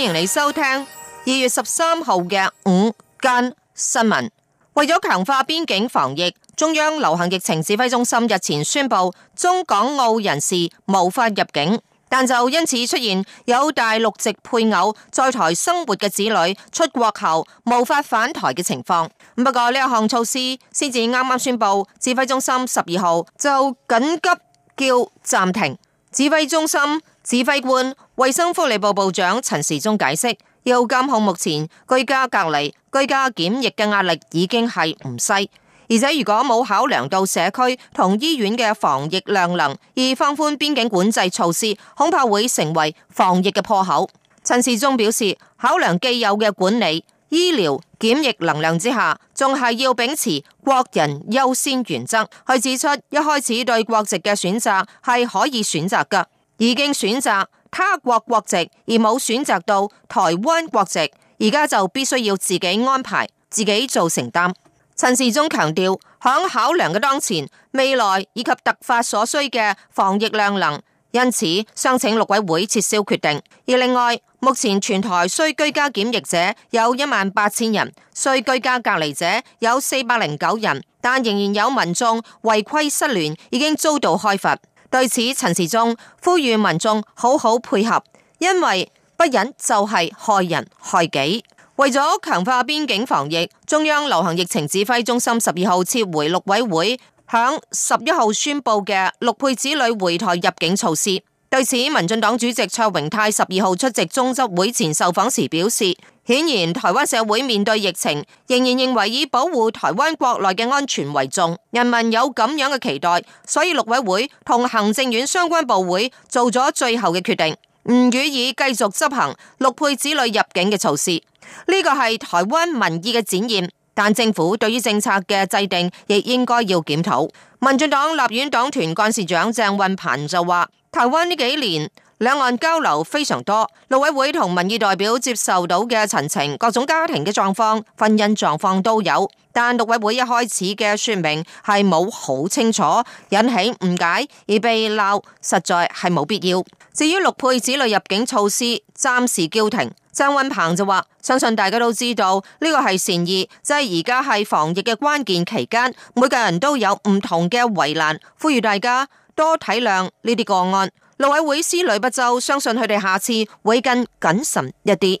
歡迎你收聽二月十三號嘅午間新聞。為咗強化邊境防疫，中央流行疫情指揮中心日前宣布，中港澳人士無法入境。但就因此出現有大陸籍配偶在台生活嘅子女出國後無法返台嘅情況。不過呢一項措施先至啱啱宣布，指揮中心十二號就緊急叫暫停。指揮中心。指揮官、衛生福利部部長陳時中解釋：要監控目前居家隔離、居家檢疫嘅壓力已經係唔細，而且如果冇考量到社區同醫院嘅防疫量能而放寬邊境管制措施，恐怕會成為防疫嘅破口。陳時中表示，考量既有嘅管理、醫療、檢疫能量之下，仲係要秉持國人優先原則去指出一開始對國籍嘅選擇係可以選擇㗎。已經選擇他國國籍而冇選擇到台灣國籍，而家就必須要自己安排、自己做承擔。陳時中強調，響考量嘅當前、未來以及突發所需嘅防疫量能，因此商請陸委會撤銷決定。而另外，目前全台需居家檢疫者有一萬八千人，需居家隔離者有四百零九人，但仍然有民眾違規失聯，已經遭到開罰。對此，陳時中呼籲民眾好好配合，因為不忍就係害人害己。為咗強化邊境防疫，中央流行疫情指揮中心十二號撤回陸委會響十一號宣布嘅陸配子女回台入境措施。對此，民進黨主席卓榮泰十二號出席中執會前受訪時表示。顯然，台灣社會面對疫情，仍然認為以保護台灣國內嘅安全為重。人民有咁樣嘅期待，所以陸委會同行政院相關部會做咗最後嘅決定，唔予以繼續執行陸配子女入境嘅措施。呢個係台灣民意嘅展現，但政府對於政策嘅制定亦應該要檢討。民進黨立院黨團幹事長鄭運鵬就話，台灣呢幾年。兩岸交流非常多，陸委會同民意代表接受到嘅陳情，各種家庭嘅狀況、婚姻狀況都有。但陸委會一開始嘅說明係冇好清楚，引起誤解而被鬧，實在係冇必要。至於陸配子女入境措施暫時叫停，張運鵬就話：相信大家都知道呢個係善意，即係而家係防疫嘅關鍵期間，每個人都有唔同嘅為難，呼籲大家多體諒呢啲個案。陸委會思慮不周，相信佢哋下次會更謹慎一啲。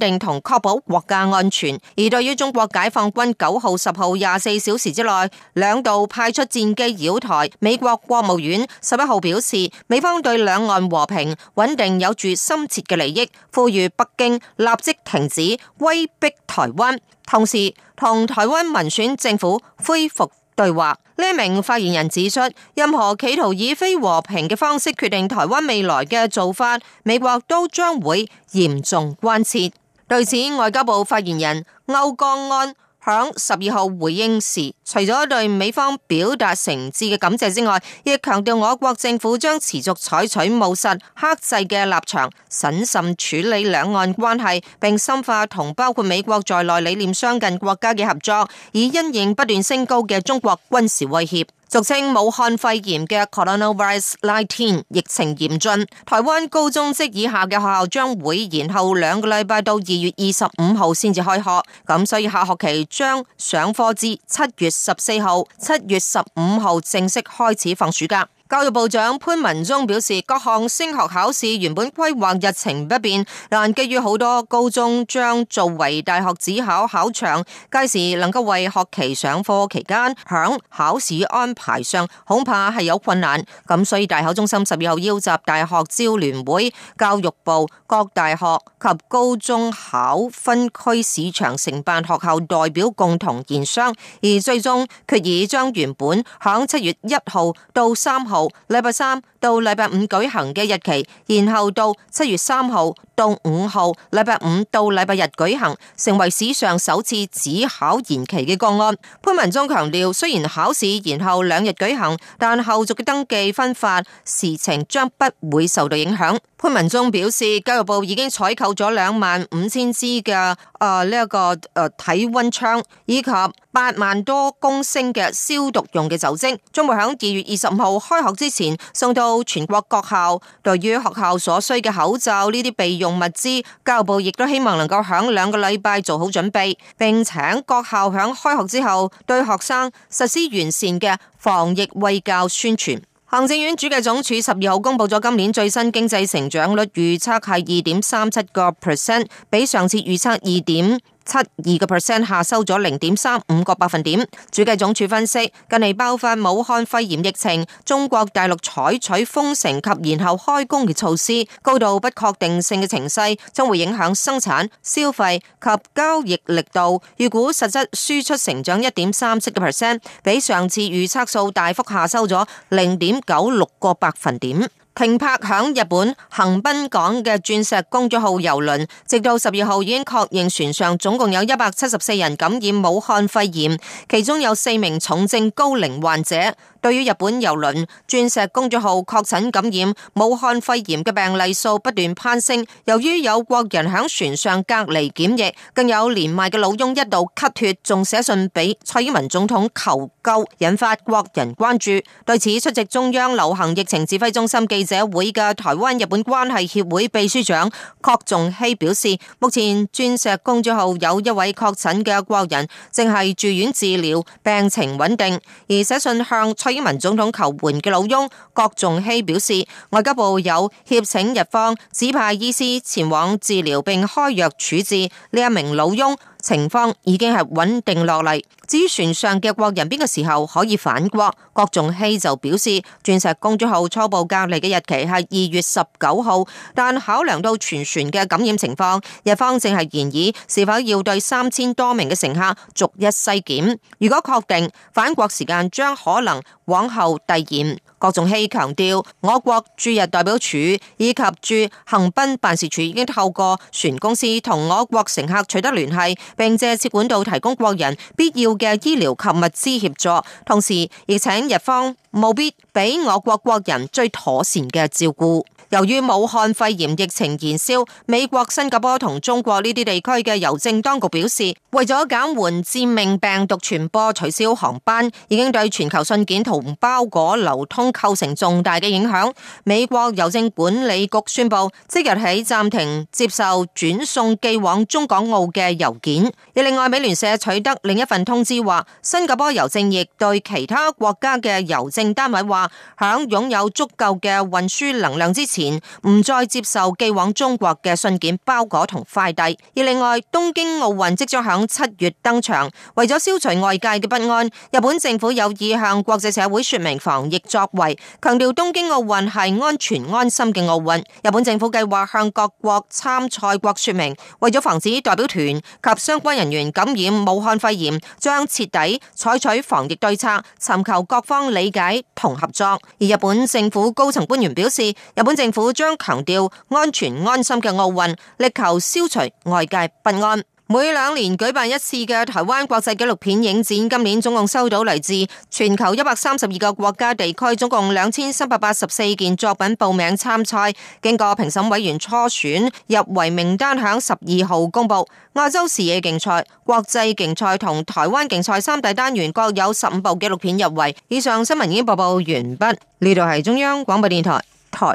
定同確保國家安全。而對於中國解放軍九號、十號、廿四小時之內兩度派出戰機擾台，美國國務院十一號表示，美方對兩岸和平穩定有住深切嘅利益，呼籲北京立即停止威逼台灣，同時同台灣民選政府恢復對話。呢名發言人指出，任何企圖以非和平嘅方式決定台灣未來嘅做法，美國都將會嚴重關切。對此，外交部發言人歐江安喺十二號回應時，除咗對美方表達誠摯嘅感謝之外，亦強調我國政府將持續採取務實、克制嘅立場，審慎處理兩岸關係，並深化同包括美國在內理念相近國家嘅合作，以因應不斷升高嘅中國軍事威脅。俗稱武漢肺炎嘅 Coronavirus Nineteen 疫情嚴峻，台灣高中職以下嘅學校將會延後兩個禮拜到二月二十五號先至開學，咁所以下學期將上課至七月十四號、七月十五號正式開始放暑假。教育部長潘文忠表示，各項升學考試原本規劃日程不變，但基於好多高中將作為大學指考考場，屆時能夠為學期上課期間響考試安排上恐怕係有困難。咁所以，大考中心十二號邀集大學招聯會、教育部、各大學及高中考分區市場承辦學校代表共同研商，而最終決議將原本響七月一號到三號。禮拜三到禮拜五舉行嘅日期，然後到七月三號到五號，禮拜五到禮拜日舉行，成為史上首次指考延期嘅個案。潘文忠強調，雖然考試延後兩日舉行，但後續嘅登記分發事情將不會受到影響。潘文忠表示，教育部已經採購咗兩萬五千支嘅誒呢一個誒、呃、體溫槍以及。八萬多公升嘅消毒用嘅酒精，將會喺二月二十五號開學之前送到全國各校。對於學校所需嘅口罩呢啲備用物資，教育部亦都希望能夠喺兩個禮拜做好準備，並請各校喺開學之後對學生實施完善嘅防疫衛教宣傳。行政院主計總署十二號公布咗今年最新經濟成長率預測係二點三七個 percent，比上次預測二點。七二個 percent 下收咗零點三五個百分點。主計總署分析，近嚟爆發武漢肺炎疫情，中國大陸採取封城及延後開工嘅措施，高度不確定性嘅情勢將會影響生產、消費及交易力度。預估實質輸出成長一點三七個 percent，比上次預測數大幅下收咗零點九六個百分點。停泊響日本橫濱港嘅鑽石公主號郵輪，直到十二號已經確認船上總共有一百七十四人感染武漢肺炎，其中有四名重症高齡患者。對於日本郵輪鑽石公主號確診感染武漢肺炎嘅病例數不斷攀升，由於有國人喺船上隔離檢疫，更有年邁嘅老翁一度咳血，仲寫信俾蔡英文總統求救，引發國人關注。對此，出席中央流行疫情指揮中心記者會嘅台灣日本關係協會秘書長郭仲熙表示，目前鑽石公主號有一位確診嘅國人正係住院治療，病情穩定，而寫信向蔡英文總統求援嘅老翁郭仲希表示，外交部有協請日方指派醫師前往治療並開藥處置呢一名老翁。情況已經係穩定落嚟。至於船上嘅國人邊個時候可以返國，郭仲熙就表示，鑽石公主號初步隔離嘅日期係二月十九號，但考量到全船嘅感染情況，日方正係研議是否要對三千多名嘅乘客逐一篩檢。如果確定返國時間將可能往後遞延，郭仲熙強調，我國駐日代表處以及駐橫濱辦事處已經透過船公司同我國乘客取得聯繫。並且設管道提供國人必要嘅醫療及物資協助，同時亦請日方務必畀我國國人最妥善嘅照顧。由於武漢肺炎疫情燃燒，美國、新加坡同中國呢啲地區嘅郵政當局表示，為咗減緩致命病毒傳播，取消航班已經對全球信件同包裹流通構成重大嘅影響。美國郵政管理局宣布即日起暫停接受轉送寄往中港澳嘅郵件。而另外，美聯社取得另一份通知話，新加坡郵政亦對其他國家嘅郵政單位話，響擁有足夠嘅運輸能量之前。唔再接受寄往中國嘅信件、包裹同快遞。而另外，東京奧運即將響七月登場，為咗消除外界嘅不安，日本政府有意向國際社會說明防疫作為，強調東京奧運係安全安心嘅奧運。日本政府計劃向各國參賽國說明，為咗防止代表團及相關人員感染武漢肺炎，將徹底採取防疫對策，尋求各方理解同合作。而日本政府高層官員表示，日本政政府將強調安全安心嘅奧運，力求消除外界不安。每兩年舉辦一次嘅台灣國際紀錄片影展，今年總共收到嚟自全球一百三十二個國家地區，總共兩千三百八十四件作品報名參賽。經過評審委員初選入圍名單，響十二號公布。亞洲視野競賽、國際競賽同台灣競賽三大單元各有十五部紀錄片入圍。以上新聞已經播報完畢。呢度係中央廣播電台台。